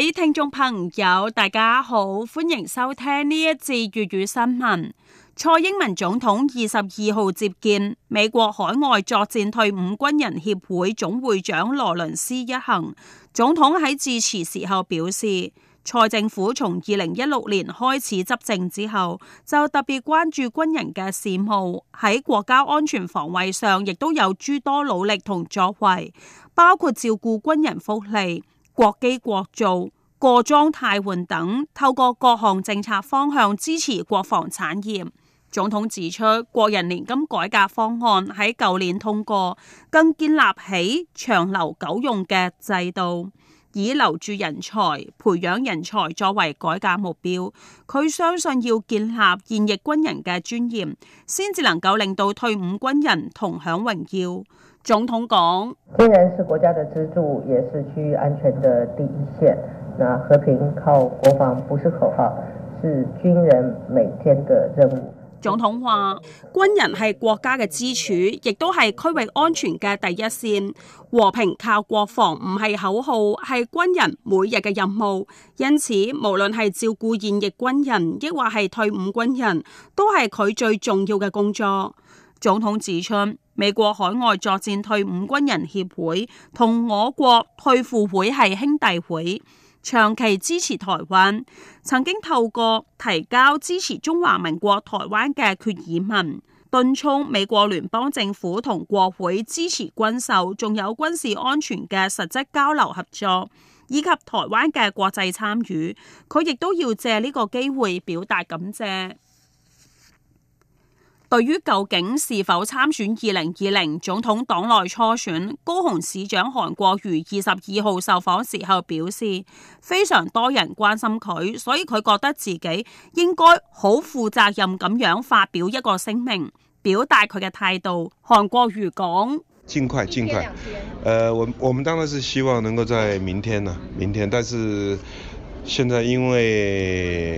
各位聽眾朋友大家好，歡迎收聽呢一節粵語新聞。蔡英文總統二十二號接見美國海外作戰退伍軍人協會總會長羅倫斯一行。總統喺致辭時候表示，蔡政府從二零一六年開始執政之後，就特別關注軍人嘅事務，喺國家安全防衛上亦都有諸多努力同作為，包括照顧軍人福利。國機國造、過裝替換等，透過各項政策方向支持國防產業。總統指出，國人年金改革方案喺舊年通過，更建立起長留久用嘅制度，以留住人才、培養人才作為改革目標。佢相信要建立現役軍人嘅尊嚴，先至能夠令到退伍軍人同享榮耀。總統講：軍人是國家的支柱，也是區域安全的第一線。那和平靠國防，不是口號，是軍人每天的任務。總統話：軍人係國家嘅支柱，亦都係區域安全嘅第一線。和平靠國防，唔係口號，係軍人每日嘅任務。因此，無論係照顧現役軍人，亦或係退伍軍人，都係佢最重要嘅工作。總統指出，美國海外作戰退伍軍人協會同我國退輔會係兄弟會，長期支持台灣，曾經透過提交支持中華民國台灣嘅決議文，敦促美國聯邦政府同國會支持軍售，仲有軍事安全嘅實質交流合作，以及台灣嘅國際參與。佢亦都要借呢個機會表達感謝。對於究竟是否參選二零二零總統黨內初選，高雄市長韓國瑜二十二號受訪時候表示，非常多人關心佢，所以佢覺得自己應該好負責任咁樣發表一個聲明，表達佢嘅態度。韓國瑜講：盡快盡快，我、呃、我們當然是希望能夠在明天呢，明天，但是現在因為。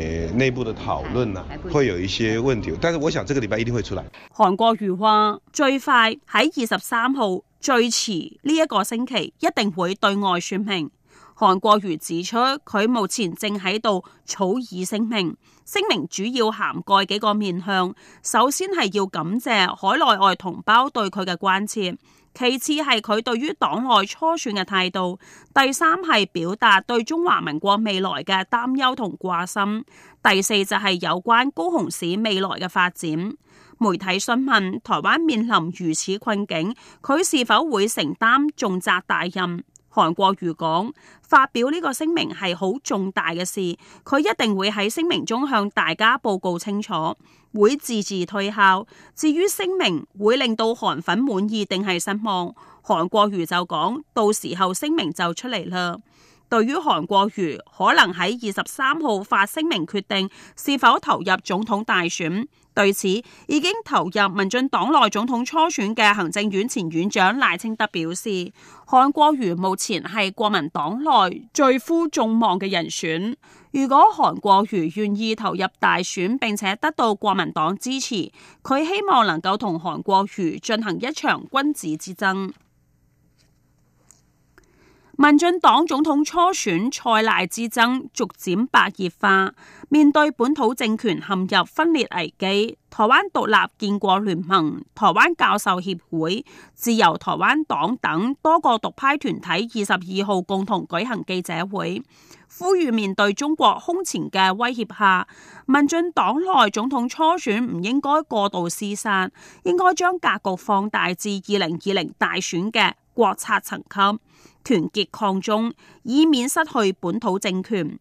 內部嘅討論呢，會有一些問題，但係我想這個禮拜一定會出來。韓國瑜話最快喺二十三號，最遲呢一個星期一定會對外說明。韓國瑜指出，佢目前正喺度草擬聲明，聲明主要涵蓋幾個面向。首先係要感謝海內外同胞對佢嘅關切。其次係佢對於黨內初選嘅態度，第三係表達對中華民國未來嘅擔憂同掛心，第四就係有關高雄市未來嘅發展。媒體詢問台灣面臨如此困境，佢是否會承擔重責大任？韓國瑜講，發表呢個聲明係好重大嘅事，佢一定會喺聲明中向大家報告清楚，會自自退後。至於聲明會令到韓粉滿意定係失望，韓國瑜就講：到時候聲明就出嚟啦。對於韓國瑜可能喺二十三號發聲明決定是否投入總統大選。對此，已經投入民進黨內總統初選嘅行政院前院長賴清德表示，韓國瑜目前係國民黨內最孚眾望嘅人選。如果韓國瑜願意投入大選，並且得到國民黨支持，佢希望能夠同韓國瑜進行一場君子之爭。民進黨總統初選蔡賴之爭逐漸白熱化，面對本土政權陷入分裂危機，台灣獨立建國聯盟、台灣教授協會、自由台灣黨等多個獨派團體二十二號共同舉行記者會，呼籲面對中國空前嘅威脅下，民進黨內總統初選唔應該過度廝殺，應該將格局放大至二零二零大選嘅。國策層級團結抗中，以免失去本土政權。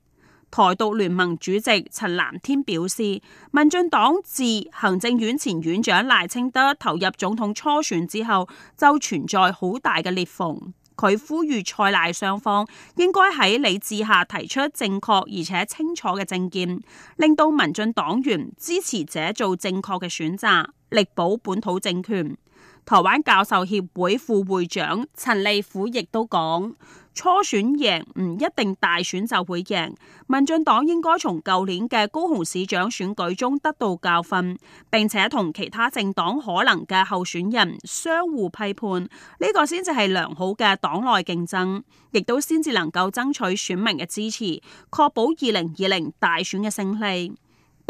台獨聯盟主席陳藍天表示，民進黨自行政院前院長賴清德投入總統初選之後，就存在好大嘅裂縫。佢呼籲蔡賴雙方應該喺理智下提出正確而且清楚嘅政見，令到民進黨員支持者做正確嘅選擇，力保本土政權。台灣教授協會副會長陳利虎亦都講：初選贏唔一定大選就會贏，民進黨應該從舊年嘅高雄市長選舉中得到教訓，並且同其他政黨可能嘅候選人相互批判，呢個先至係良好嘅黨內競爭，亦都先至能夠爭取選民嘅支持，確保二零二零大選嘅勝利。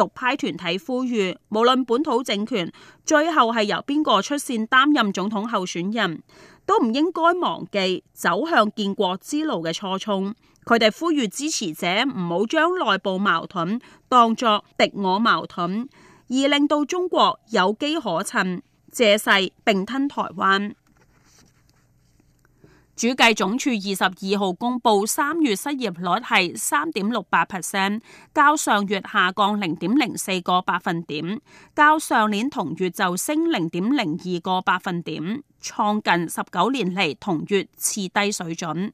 獨派團體呼籲，無論本土政權最後係由邊個出線擔任總統候選人，都唔應該忘記走向建國之路嘅初衷。佢哋呼籲支持者唔好將內部矛盾當作敵我矛盾，而令到中國有機可趁，借勢併吞台灣。主計總署二十二號公布三月失業率係三點六八 percent，較上月下降零點零四個百分點，較上年同月就升零點零二個百分點，創近十九年嚟同月次低水準。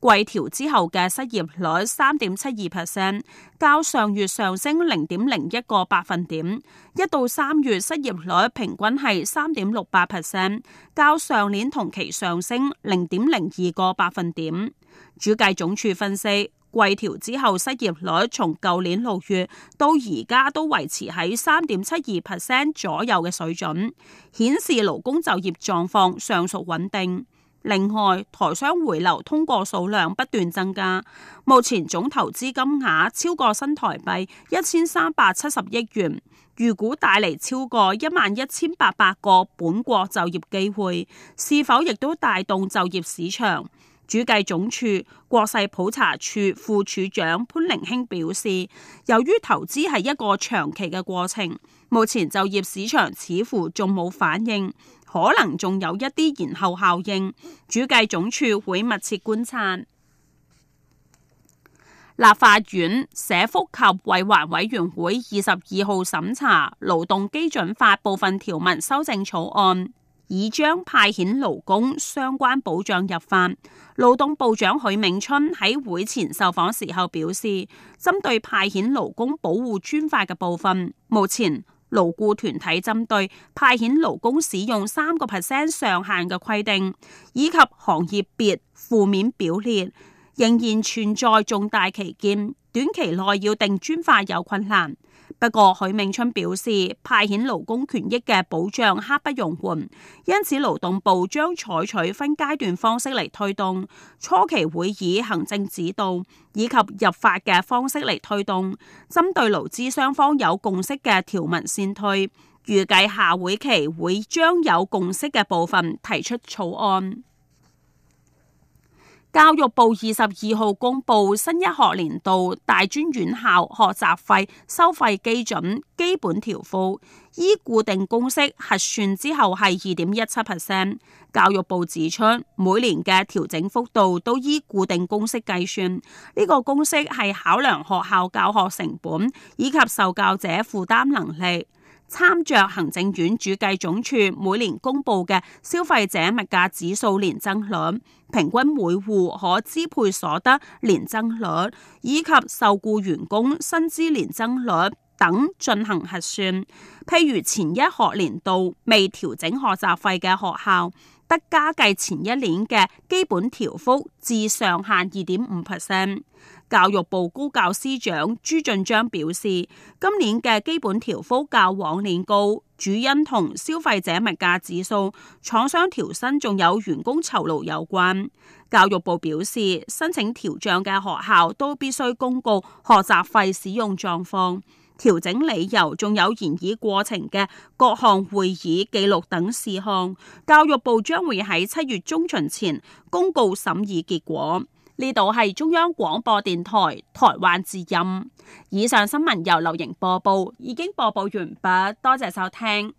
季調之後嘅失業率三點七二 percent，較上月上升零點零一個百分點。一到三月失業率平均係三點六八 percent，較上年同期上升零點零二個百分點。主計總處分析，季調之後失業率從舊年六月到而家都維持喺三點七二 percent 左右嘅水準，顯示勞工就業狀況尚屬穩定。另外，台商回流通過數量不斷增加，目前總投資金額超過新台幣一千三百七十億元，預估帶嚟超過一萬一千八百個本國就業機會，是否亦都帶動就業市場？主計總處國勢普查處副處長潘玲興表示，由於投資係一個長期嘅過程，目前就業市場似乎仲冇反應。可能仲有一啲延後效應，主計總署會密切觀察。立法院社福及衛環委員會二十二號審查《勞動基準法》部分條文修正草案，已將派遣勞工相關保障入法。勞動部長許銘春喺會前受訪時候表示，針對派遣勞工保護專法嘅部分，目前。勞僱團體針對派遣勞工使用三個 percent 上限嘅規定，以及行業別負面表列，仍然存在重大歧見，短期內要定專法有困難。不過許銘春表示，派遣勞工權益嘅保障刻不容緩，因此勞動部將採取分階段方式嚟推動。初期會以行政指導以及入法嘅方式嚟推動，針對勞資雙方有共識嘅條文先推。預計下會期會將有共識嘅部分提出草案。.教育部二十二號公布新一學年度大專院校學雜費收費基準基本調幅，依固定公式核算之後係二點一七 percent。教育部指出，每年嘅調整幅度都依固定公式計算，呢、這個公式係考量學校教學成本以及受教者負擔能力。參酌行政院主計總處每年公佈嘅消費者物價指數年增率、平均每戶可支配所得年增率以及受雇員工薪資年增率等進行核算。譬如前一學年度未調整學習費嘅學校，得加計前一年嘅基本調幅至上限二點五 percent。教育部高教司長朱俊章表示，今年嘅基本調幅較往年高，主因同消費者物價指數、廠商調薪仲有員工酬勞有關。教育部表示，申請調漲嘅學校都必須公告學習費使用狀況、調整理由仲有研議過程嘅各項會議記錄等事項。教育部將會喺七月中旬前公告審議結果。呢度係中央廣播電台台灣之音。以上新聞由劉瑩播報，已經播報完畢，多謝收聽。